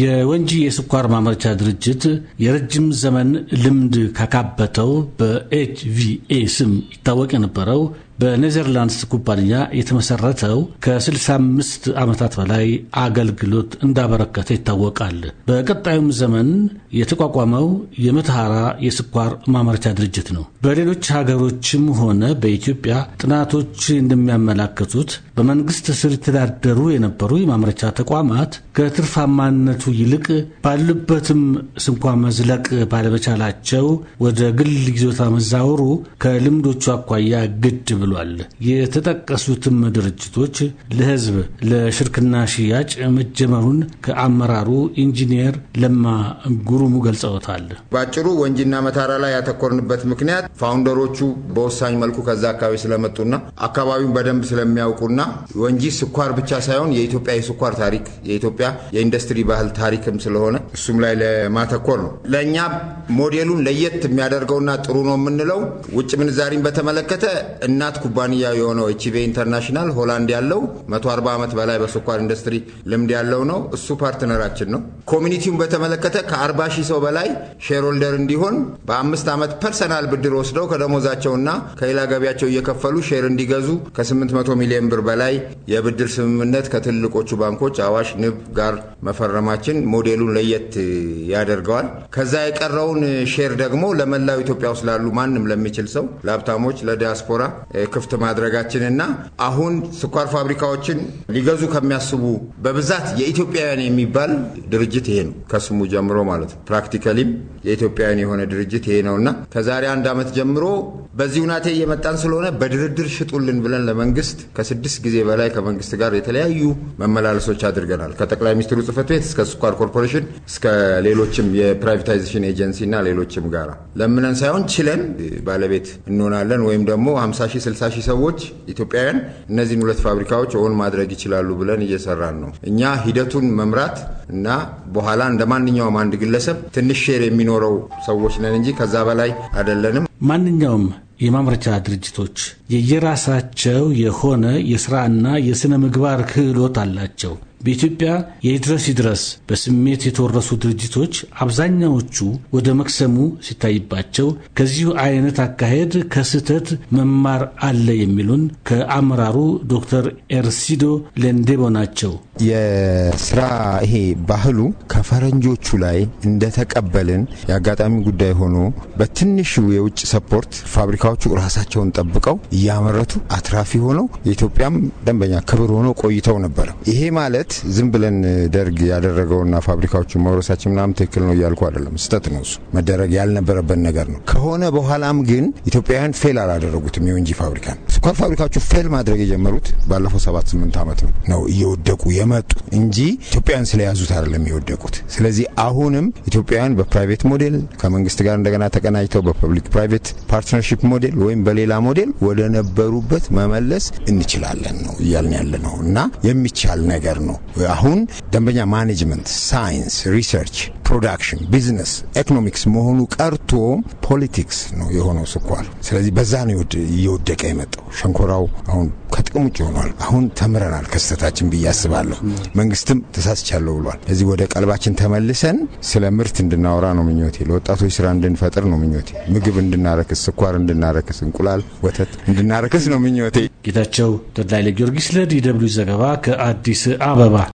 የወንጂ የስኳር ማምረቻ ድርጅት የረጅም ዘመን ልምድ ካካበተው በኤችቪኤ ስም ይታወቅ የነበረው በኔዘርላንድስ ኩባንያ የተመሰረተው ከ65 ዓመታት በላይ አገልግሎት እንዳበረከተ ይታወቃል። በቀጣዩም ዘመን የተቋቋመው የመተሐራ የስኳር ማምረቻ ድርጅት ነው። በሌሎች ሀገሮችም ሆነ በኢትዮጵያ ጥናቶች እንደሚያመላክቱት በመንግስት ስር የተዳደሩ የነበሩ የማምረቻ ተቋማት ከትርፋማነቱ ይልቅ ባሉበትም ስንኳ መዝለቅ ባለመቻላቸው ወደ ግል ይዞታ መዛወሩ ከልምዶቹ አኳያ ግድ ብሏል። የተጠቀሱትም ድርጅቶች ለህዝብ ለሽርክና ሽያጭ መጀመሩን ከአመራሩ ኢንጂኒየር ለማ ጉሩሙ ገልጸውታል። በአጭሩ ወንጂና መታራ ላይ ያተኮርንበት ምክንያት ፋውንደሮቹ በወሳኝ መልኩ ከዛ አካባቢ ስለመጡና አካባቢውን በደንብ ስለሚያውቁና ወንጂ ስኳር ብቻ ሳይሆን የኢትዮጵያ የስኳር ታሪክ የኢትዮጵያ የኢንዱስትሪ ባህል ታሪክም ስለሆነ እሱም ላይ ለማተኮር ነው። ለእኛ ሞዴሉን ለየት የሚያደርገውና ጥሩ ነው የምንለው ውጭ ምንዛሪን በተመለከተ እናት የጥራት ኩባንያ የሆነው ኤችቤ ኢንተርናሽናል ሆላንድ ያለው 140 ዓመት በላይ በስኳር ኢንዱስትሪ ልምድ ያለው ነው። እሱ ፓርትነራችን ነው። ኮሚኒቲውን በተመለከተ ከ40 ሺህ ሰው በላይ ሼርሆልደር እንዲሆን በአምስት ዓመት ፐርሰናል ብድር ወስደው ከደሞዛቸውና ከሌላ ገቢያቸው እየከፈሉ ሼር እንዲገዙ ከ800 ሚሊዮን ብር በላይ የብድር ስምምነት ከትልቆቹ ባንኮች አዋሽ፣ ንብ ጋር መፈረማችን ሞዴሉን ለየት ያደርገዋል። ከዛ የቀረውን ሼር ደግሞ ለመላው ኢትዮጵያ ውስጥ ላሉ ማንም ለሚችል ሰው ለሀብታሞች፣ ለዲያስፖራ ክፍት ማድረጋችንና አሁን ስኳር ፋብሪካዎችን ሊገዙ ከሚያስቡ በብዛት የኢትዮጵያውያን የሚባል ድርጅት ይሄ ነው ከስሙ ጀምሮ ማለት ነው። ፕራክቲካሊም የኢትዮጵያውያን የሆነ ድርጅት ይሄ ነውና ከዛሬ አንድ ዓመት ጀምሮ በዚህ ሁናቴ እየመጣን ስለሆነ በድርድር ሽጡልን ብለን ለመንግስት ከስድስት ጊዜ በላይ ከመንግስት ጋር የተለያዩ መመላለሶች አድርገናል። ከጠቅላይ ሚኒስትሩ ጽህፈት ቤት እስከ ስኳር ኮርፖሬሽን እስከ ሌሎችም የፕራይቬታይዜሽን ና ሌሎችም ጋር ለምነን ሳይሆን ችለን ባለቤት እንሆናለን ወይም ደግሞ 50 ሺህ 60 ሺህ ሰዎች ኢትዮጵያውያን እነዚህን ሁለት ፋብሪካዎች ኦን ማድረግ ይችላሉ ብለን እየሰራን ነው። እኛ ሂደቱን መምራት እና በኋላ እንደ ማንኛውም አንድ ግለሰብ ትንሽ ሼር የሚኖረው ሰዎች ነን እንጂ ከዛ በላይ አይደለንም። ማንኛውም የማምረቻ ድርጅቶች የየራሳቸው የሆነ የስራና የሥነ ምግባር ክህሎት አላቸው። በኢትዮጵያ የይድረስ ይድረስ በስሜት የተወረሱ ድርጅቶች አብዛኛዎቹ ወደ መክሰሙ ሲታይባቸው ከዚሁ አይነት አካሄድ ከስህተት መማር አለ የሚሉን ከአመራሩ ዶክተር ኤርሲዶ ሌንዴቦ ናቸው። የስራ ይሄ ባህሉ ከፈረንጆቹ ላይ እንደተቀበልን የአጋጣሚ ጉዳይ ሆኖ በትንሹ የውጭ ሰፖርት ፋብሪካዎቹ ራሳቸውን ጠብቀው እያመረቱ አትራፊ ሆነው የኢትዮጵያም ደንበኛ ክብር ሆኖ ቆይተው ነበረ። ይሄ ማለት ማለት ዝም ብለን ደርግ ያደረገውና ፋብሪካዎችን መውረሳችን ምናምን ትክክል ነው እያልኩ አይደለም። ስህተት ነው፣ እሱ መደረግ ያልነበረበት ነገር ነው። ከሆነ በኋላም ግን ኢትዮጵያውያን ፌል አላደረጉትም። የወንጂ ፋብሪካን ስኳር ፋብሪካዎቹ ፌል ማድረግ የጀመሩት ባለፈው ሰባት ስምንት ዓመት ነው ነው እየወደቁ የመጡ እንጂ ኢትዮጵያውያን ስለያዙት አይደለም የወደቁት። ስለዚህ አሁንም ኢትዮጵያውያን በፕራይቬት ሞዴል ከመንግስት ጋር እንደገና ተቀናጅተው በፐብሊክ ፕራይቬት ፓርትነርሺፕ ሞዴል ወይም በሌላ ሞዴል ወደ ነበሩበት መመለስ እንችላለን ነው እያልን ያለ ነው እና የሚቻል ነገር ነው። አሁን ደንበኛ ማኔጅመንት፣ ሳይንስ፣ ሪሰርች ፕሮዳክሽን፣ ቢዝነስ፣ ኢኮኖሚክስ መሆኑ ቀርቶ ፖለቲክስ ነው የሆነው ስኳር። ስለዚህ በዛ ነው እየወደቀ የመጣው ሸንኮራው አሁን ከጥቅም ውጭ ሆኗል። አሁን ተምረናል ከስህተታችን ብዬ አስባለሁ። መንግስትም ተሳስቻለሁ ብሏል። ለዚህ ወደ ቀልባችን ተመልሰን ስለ ምርት እንድናወራ ነው ምኞቴ። ለወጣቶች ስራ እንድንፈጥር ነው ምኞቴ። ምግብ እንድናረክስ፣ ስኳር እንድናረክስ፣ እንቁላል፣ ወተት እንድናረክስ ነው ምኞቴ። ጌታቸው ተድላይ ለጊዮርጊስ ለዲ ደብልዩ ዘገባ ከአዲስ አበባ